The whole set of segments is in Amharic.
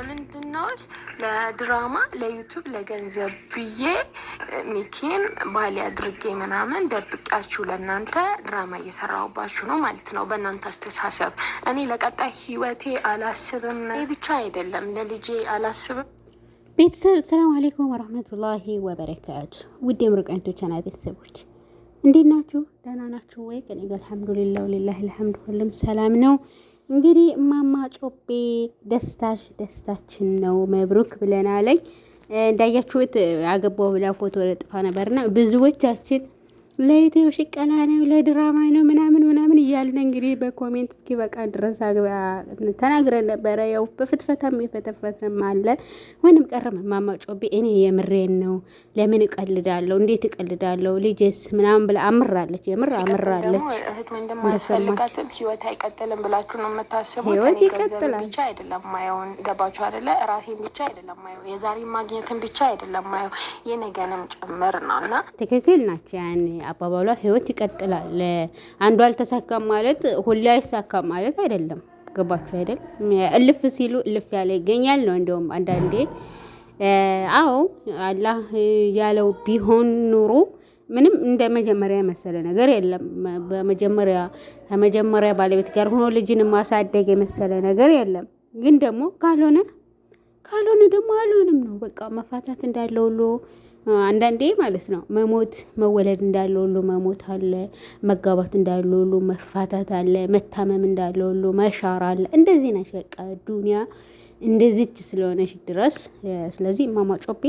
ለምንድን ነው ለድራማ ለዩቱብ ለገንዘብ ብዬ ሚኪን ባሌ አድርጌ ምናምን ደብቃችሁ ለእናንተ ድራማ እየሰራሁባችሁ ነው ማለት ነው። በእናንተ አስተሳሰብ እኔ ለቀጣይ ህይወቴ አላስብም። ብቻ አይደለም ለልጄ አላስብም። ቤተሰብ ሰላም አሌይኩም ወረህመቱላሂ ወበረካቱ። ውድ የምርቃኝቶ ቤተሰቦች እንዴት ናችሁ? ደህና ናችሁ ወይ? ከኔ ጋር አልሐምዱሊላህ ወሊላሂል ሐምድ ሁሉም ሰላም ነው። እንግዲህ እማማ ጮቤ ደስታሽ ደስታችን ነው መብሩክ ብለናለኝ። እንዳያችሁት አገባው ብላ ፎቶ ለጥፋ ነበርና ብዙዎቻችን ለኢትዮ ሽቀላ ነው ለድራማ ነው ምናምን ምናምን እያልን እንግዲህ በኮሜንት እስኪ በቃ ድረስ አግባ ተናግረን ነበረ። ያው በፍትፈታም የፈተፈተም አለ ወንም ቀረም ማማጮቤ እኔ የምሬን ነው። ለምን እቀልዳለሁ? እንዴት እቀልዳለሁ? ልጅስ ምናምን ብላ አምራለች። የምር አምራለች። እህት ወንድም አያስፈልጋትም፣ ህይወት አይቀጥልም ብላችሁ ነው የምታስቡት። ህይወት ይቀጥላል ብቻ አይደለም ማየውን ገባችሁ አይደለ? ራሴን ብቻ አይደለም ማየው፣ የዛሬ ማግኘትን ብቻ አይደለም ማየው፣ የነገንም ጭምር ነው እና ትክክል ናቸው ያን አባባሏ ህይወት ይቀጥላል። አንዱ አልተሳካም ማለት ሁሌ አይሳካም ማለት አይደለም። ገባችሁ አይደል? እልፍ ሲሉ እልፍ ያለ ይገኛል ነው። እንዲሁም አንዳንዴ አዎ አላህ ያለው ቢሆን ኑሮ ምንም እንደ መጀመሪያ የመሰለ ነገር የለም። በመጀመሪያ ከመጀመሪያ ባለቤት ጋር ሆኖ ልጅን ማሳደግ የመሰለ ነገር የለም። ግን ደግሞ ካልሆነ ካልሆነ ደግሞ አልሆንም ነው በቃ መፋታት እንዳለ ሁሉ አንዳንዴ ማለት ነው መሞት መወለድ እንዳለ ሁሉ መሞት አለ፣ መጋባት እንዳለ ሁሉ መፋታት አለ፣ መታመም እንዳለ ሁሉ መሻር አለ። እንደዚህ ነች በቃ ዱኒያ እንደዚች ስለሆነች ድረስ። ስለዚህ እማማ ጮቤ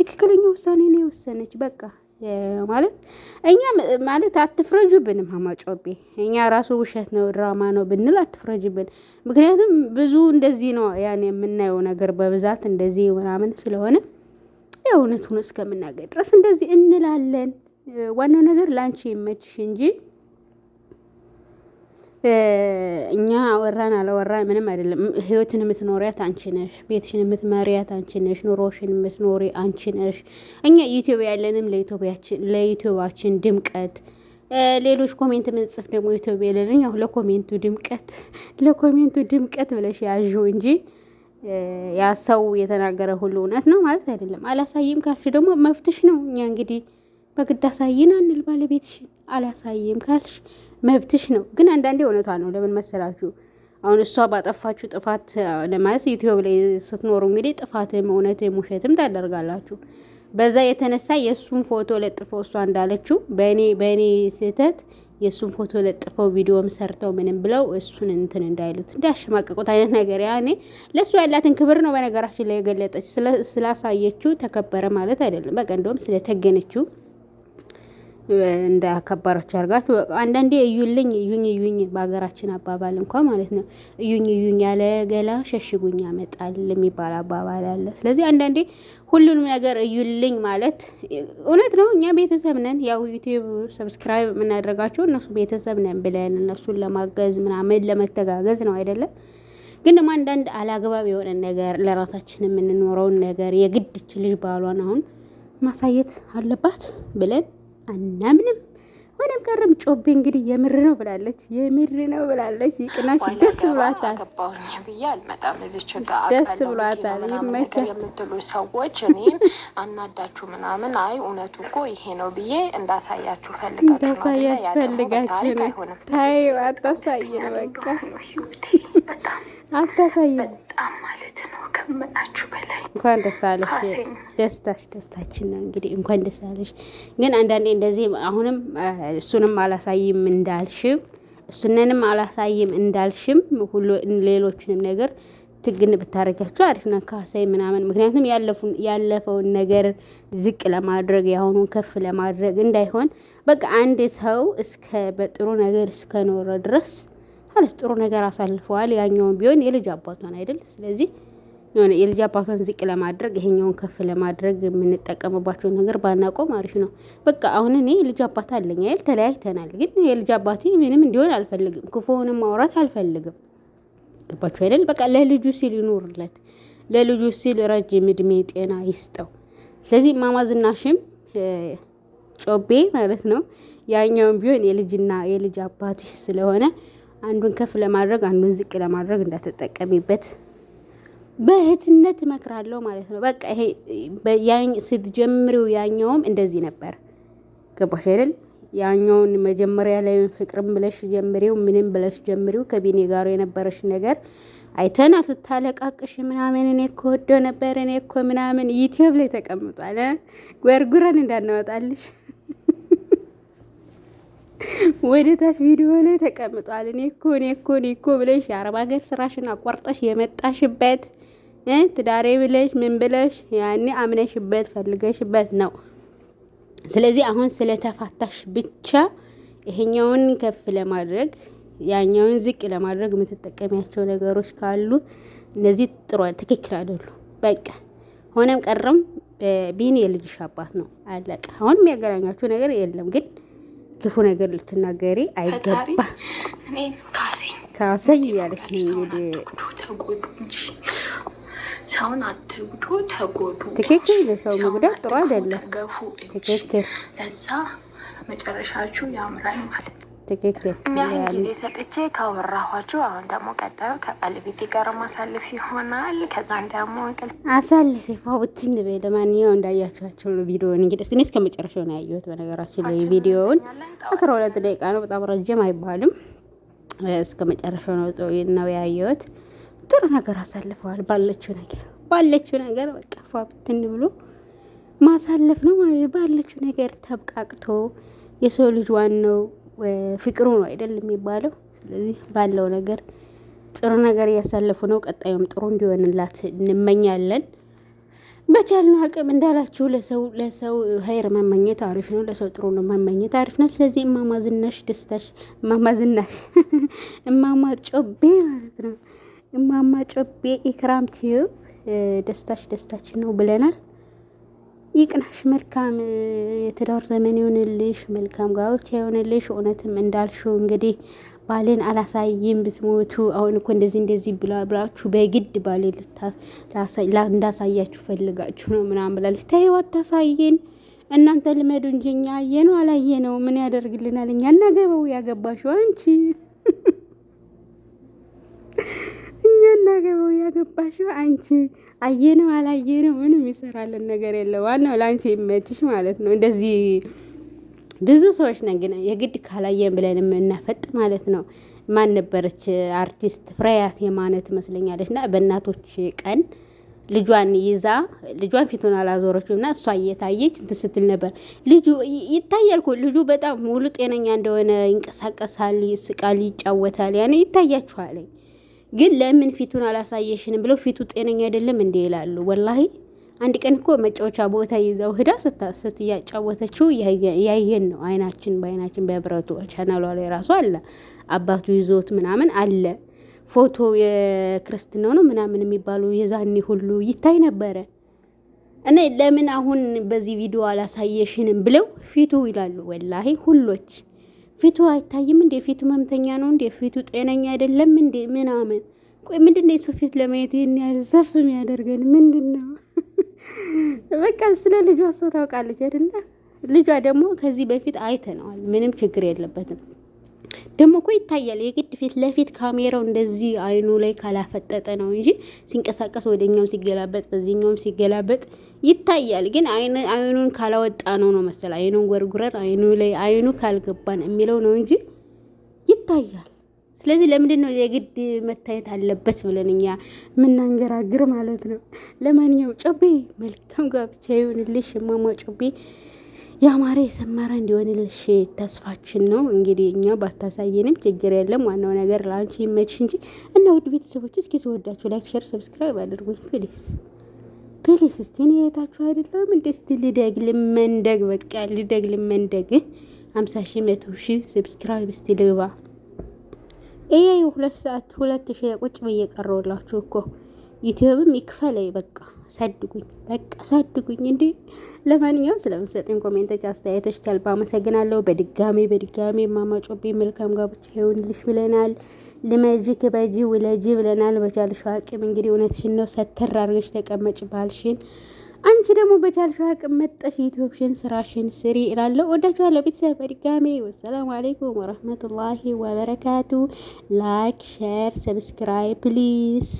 ትክክለኛ ውሳኔ ነው የወሰነች። በቃ ማለት እኛ ማለት አትፍረጁብን እማማ ጮቤ። እኛ ራሱ ውሸት ነው ድራማ ነው ብንል አትፍረጅብን። ምክንያቱም ብዙ እንደዚህ ነው ያን የምናየው ነገር በብዛት እንደዚህ ምናምን ስለሆነ የእውነቱን እውነቱን እስከምናገኝ ድረስ እንደዚህ እንላለን። ዋናው ነገር ለአንቺ የመችሽ እንጂ እኛ ወራን አላወራን ምንም አይደለም። ህይወትን የምትኖሪያት አንቺ ነሽ፣ ቤትሽን የምትመሪያት አንቺ ነሽ፣ ኑሮሽን የምትኖሪ አንቺ ነሽ። እኛ ኢትዮጵያ ያለንም ለኢትዮጵያችን ድምቀት ሌሎች ኮሜንት ምንጽፍ ደግሞ ኢትዮጵያ የለንም። ያው ለኮሜንቱ ድምቀት ለኮሜንቱ ድምቀት ብለሽ ያዥው እንጂ ያ ሰው የተናገረ ሁሉ እውነት ነው ማለት አይደለም። አላሳይም ካልሽ ደግሞ መብትሽ ነው። እኛ እንግዲህ በግድ አሳይን አንል ባለቤትሽን። አላሳይም ካልሽ መብትሽ ነው። ግን አንዳንዴ እውነቷ ነው። ለምን መሰላችሁ? አሁን እሷ ባጠፋችሁ ጥፋት ለማለት ዩቲዩብ ላይ ስትኖሩ እንግዲህ ጥፋትም እውነትም ውሸትም ታደርጋላችሁ። በዛ የተነሳ የእሱን ፎቶ ለጥፎ እሷ እንዳለችው በእኔ በእኔ ስህተት የእሱን ፎቶ ለጥፈው ቪዲዮም ሰርተው ምንም ብለው እሱን እንትን እንዳይሉት እንዳያሸማቀቁት አይነት ነገር ያኔ ለእሱ ያላትን ክብር ነው በነገራችን ላይ የገለጠች። ስላሳየችው ተከበረ ማለት አይደለም። በቃ እንደውም ስለተገነችው እንዳከባራችሁ አድርጋችሁ አንዳንዴ እዩልኝ እዩኝ እዩኝ በሀገራችን አባባል እንኳ ማለት ነው። እዩኝ እዩኝ ያለ ገላ ሸሽጉኝ ያመጣል የሚባል አባባል አለ። ስለዚህ አንዳንዴ ሁሉንም ነገር እዩልኝ ማለት እውነት ነው። እኛ ቤተሰብ ነን። ያው ዩቲዩብ ሰብስክራይብ የምናደርጋቸው እነሱ ቤተሰብ ነን ብለን እነሱን ለማገዝ ምናምን ለመተጋገዝ ነው አይደለም ግን ደግሞ አንዳንድ አላግባብ የሆነ ነገር ለራሳችን የምንኖረውን ነገር የግድች ልጅ ባሏን አሁን ማሳየት አለባት ብለን አናምንም። ሆነም ቀረም ጮቤ እንግዲህ የምር ነው ብላለች፣ የምር ነው ብላለች። ይቅናሽ፣ ደስ ብሏታል፣ ደስ ብሏታል። የምትሉ ሰዎች እኔም አናዳችሁ ምናምን፣ አይ እውነቱ እኮ ይሄ ነው ብዬ እንዳሳያችሁ ፈልጋችሁ እንዳሳያችሁ ፈልጋችሁ ነው። ታይ አታሳይ ነው፣ በቃ አታሳይ በጣም ማለት ከምላችሁ በላይ እንኳን ደስ አለሽ። ደስታሽ ደስታችን ነው። እንግዲህ እንኳን ደስ አለሽ። ግን አንዳንዴ እንደዚህ አሁንም እሱንም አላሳይም እንዳልሽም እሱንንም አላሳይም እንዳልሽም ሁሉ ሌሎችንም ነገር ትግን ብታረጊያቸው አሪፍ ነው። ካሳይ ምናምን ምክንያቱም ያለፈውን ነገር ዝቅ ለማድረግ የአሁኑን ከፍ ለማድረግ እንዳይሆን በቃ አንድ ሰው እስከ በጥሩ ነገር እስከኖረ ድረስ አለስ ጥሩ ነገር አሳልፈዋል። ያኛውን ቢሆን የልጅ አባቷን አይደል? ስለዚህ የሆነ የልጅ አባቷን ዝቅ ለማድረግ ይሄኛውን ከፍ ለማድረግ የምንጠቀምባቸው ነገር ባናቆም አሪፍ ነው። በቃ አሁን እኔ የልጅ አባት አለኝ አይደል? ተለያይተናል። ግን የልጅ አባቴ ምንም እንዲሆን አልፈልግም። ክፉውንም ማውራት አልፈልግም። ገባችሁ አይደል? በቃ ለልጁ ሲል ይኖርለት፣ ለልጁ ሲል ረጅም እድሜ ጤና ይስጠው። ስለዚህ እማማ ዝናሽም ጮቤ ማለት ነው ያኛውን ቢሆን የልጅና የልጅ አባትሽ ስለሆነ አንዱን ከፍ ለማድረግ አንዱን ዝቅ ለማድረግ እንዳትጠቀሚበት በእህትነት እመክራለሁ ማለት ነው። በቃ ይሄ ስትጀምሪው ያኛውም እንደዚህ ነበር። ገባሽ አይደል? ያኛውን መጀመሪያ ላይ ፍቅርም ብለሽ ጀምሪው፣ ምንም ብለሽ ጀምሪው። ከቢኔ ጋሩ የነበረሽ ነገር አይተና ስታለቃቅሽ ምናምን እኔ እኮ ወዶ ነበር እኔ እኮ ምናምን ዩቲዩብ ላይ ተቀምጧል። ጎርጉረን እንዳናወጣልሽ ወደ ታች ቪዲዮ ላይ ተቀምጧል። እኔ እኮ እኔ እኮ እኔ እኮ ብለሽ የአረብ ሀገር ስራሽን አቋርጠሽ የመጣሽበት ትዳሬ ብለሽ ምን ብለሽ ያኔ አምነሽበት ፈልገሽበት ነው። ስለዚህ አሁን ስለተፋታሽ ብቻ ይሄኛውን ከፍ ለማድረግ ያኛውን ዝቅ ለማድረግ የምትጠቀሚያቸው ነገሮች ካሉ እነዚህ ጥሩ ትክክል አይደሉ። በቃ ሆነም ቀረም ቢን የልጅሽ አባት ነው፣ አለቀ። አሁን የሚያገናኛችሁ ነገር የለም ግን ክፉ ነገር ልትናገሪ አይገባ። ካሰኝ እያለች ነው እንግዲህ። ሰውን አትጉዱ፣ ተጎዱ። ትክክል። ለሰው መጉዳት ጥሩ አይደለም። ትክክል። ለዛ መጨረሻችሁ ያምራል ማለት ነው። ትክክል ያን ጊዜ ሰጥቼ ካወራኋችሁ፣ አሁን ደግሞ ቀጣዩ ከባለቤቴ ጋር ማሳልፍ ይሆናል። ከዛን ደግሞ እንቅልፍ አሳልፍ ፋውትን በ ለማንኛው እንዳያችኋቸው ነው ቪዲዮን እንግዲህ እስኪ እስከ መጨረሻው ነው ያየሁት። በነገራችን ላይ ቪዲዮውን አስራ ሁለት ደቂቃ ነው፣ በጣም ረጅም አይባልም። እስከ መጨረሻው ነው ጽ ነው ያየሁት። ጥሩ ነገር አሳልፈዋል። ባለችው ነገር ባለችው ነገር በቃ ፋውትን ብሎ ማሳለፍ ነው ባለችው ነገር ተብቃቅቶ የሰው ልጅ ዋናው ፍቅሩ ነው አይደል የሚባለው። ስለዚህ ባለው ነገር ጥሩ ነገር እያሳለፉ ነው። ቀጣዩም ጥሩ እንዲሆንላት እንመኛለን። በቻልነው አቅም እንዳላችሁ ለሰው ለሰው ሀይር መመኘት አሪፍ ነው። ለሰው ጥሩ ነው መመኘት አሪፍ ነው። ስለዚህ እማማ ዝናሽ ደስታሽ እማማ ዝናሽ እማማ ጮቤ ማለት ነው እማማ ጮቤ ኢክራም ደስታሽ ደስታችን ነው ብለናል። ይቅናሽ። መልካም የትዳር ዘመን ይሆንልሽ። መልካም ጋብቻ ይሆንልሽ። እውነትም እንዳልሽው እንግዲህ ባሌን አላሳይም ብትሞቱ። አሁን እኮ እንደዚህ እንደዚህ ብላ ብላችሁ በግድ ባሌን እንዳሳያችሁ ፈልጋችሁ ነው ምናምን ብላለች። ተይው አታሳይን፣ እናንተ ልመዱ እንጂ እኛ አየነው አላየነው ምን ያደርግልናል? እኛ እናገበው ያገባሽው አንቺ የምናገባው ያገባሽው አንቺ አየነው አላየነው ምንም ይሰራልን ነገር የለ። ዋናው ለአንቺ ይመችሽ ማለት ነው። እንደዚህ ብዙ ሰዎች ነን ግን የግድ ካላየን ብለን የምናፈጥ ማለት ነው። ማን ነበረች አርቲስት ፍሬያት የማነ ትመስለኛለች። እና በእናቶች ቀን ልጇን ይዛ ልጇን ፊቱን አላዞረች እና እሷ እየታየች እንትን ስትል ነበር። ልጁ ይታያል እኮ ልጁ በጣም ሙሉ ጤነኛ እንደሆነ ይንቀሳቀሳል፣ ይስቃል፣ ይጫወታል። ያኔ ይታያችኋለኝ ግን ለምን ፊቱን አላሳየሽንም ብለው ፊቱ ጤነኛ አይደለም እንዴ ይላሉ። ወላሂ አንድ ቀን እኮ መጫወቻ ቦታ ይዘው ህዳ ስታስት እያጫወተችው ያየን ነው። አይናችን በአይናችን በህብረቱ ቻናሏ ላይ ራሱ አለ አባቱ ይዞት ምናምን አለ ፎቶ የክርስትናው ነው ምናምን የሚባሉ የዛኔ ሁሉ ይታይ ነበረ። እና ለምን አሁን በዚህ ቪዲዮ አላሳየሽንም ብለው ፊቱ ይላሉ። ወላሂ ሁሎች ፊቱ አይታይም እንዴ? ፊቱ መምተኛ ነው እንዴ? ፊቱ ጤነኛ አይደለም እንዴ? ምናምን ቆይ ምንድን ነው የሱ ፊት ለማየት ይህን ያህል ዘፍ የሚያደርገን ምንድን ነው? በቃ ስለ ልጇ ሰው ታውቃለች አይደለ? ልጇ ደግሞ ከዚህ በፊት አይተነዋል። ምንም ችግር የለበትም። ደግሞ እኮ ይታያል። የግድ ፊት ለፊት ካሜራው እንደዚህ አይኑ ላይ ካላፈጠጠ ነው እንጂ ሲንቀሳቀስ ወደኛውም ሲገላበጥ በዚህኛውም ሲገላበጥ ይታያል። ግን አይኑን ካላወጣ ነው ነው መሰል አይኑን ጎርጉረን አይኑ ላይ አይኑ ካልገባን የሚለው ነው እንጂ ይታያል። ስለዚህ ለምንድን ነው የግድ መታየት አለበት ብለን እኛ የምናንገራግር ማለት ነው? ለማንኛውም ጮቤ መልካም ጋብቻ ይሁንልሽ። እማማ ጮቤ ያማረ የሰመረ እንዲሆንልሽ ተስፋችን ነው። እንግዲህ እኛ ባታሳየንም ችግር የለም። ዋናው ነገር ለአንቺ ይመችሽ እንጂ እና ውድ ቤተሰቦች እስኪ ስወዳችሁ ላይክ፣ ሸር፣ ሰብስክራይብ አድርጉኝ ፕሊስ ፕሊስ። እስቲ እኔ እህታችሁ አይደለም እንደ ስቲ ልደግ ልመንደግ በቃ ልደግ ልመንደግ ሀምሳ ሺህ መቶ ሺህ ሰብስክራይብ እስቲ ልግባ። ይሄ ሁለት ሰዓት ሁለት ሺህ ቁጭ ብዬ ቀረውላችሁ እኮ ዩቲዩብም ይክፈለኝ። በቃ ሰድጉኝ፣ በቃ ሰድጉኝ። እንዴ ለማንኛውም ስለምሰጠኝ ኮሜንቶች፣ አስተያየቶች ከልብ አመሰግናለሁ። በድጋሜ በድጋሜ ማማጮቤ መልካም ጋብቻ ይሆንልሽ ብለናል። ልመጅ ክበጂ ውለጂ ብለናል። በቻልሽ አቅም እንግዲህ እውነትሽን ነው። ሰተር አድርገሽ ተቀመጭ ባልሽን። አንቺ ደግሞ በቻልሽ አቅም መጠሽ ዩቲዩብሽን ስራሽን ስሪ እላለሁ። ወዳችኋለሁ ቤተሰብ በድጋሜ ወሰላሙ አሌይኩም ወረህመቱላሂ ወበረካቱ። ላይክ ሸር ሰብስክራይብ ፕሊዝ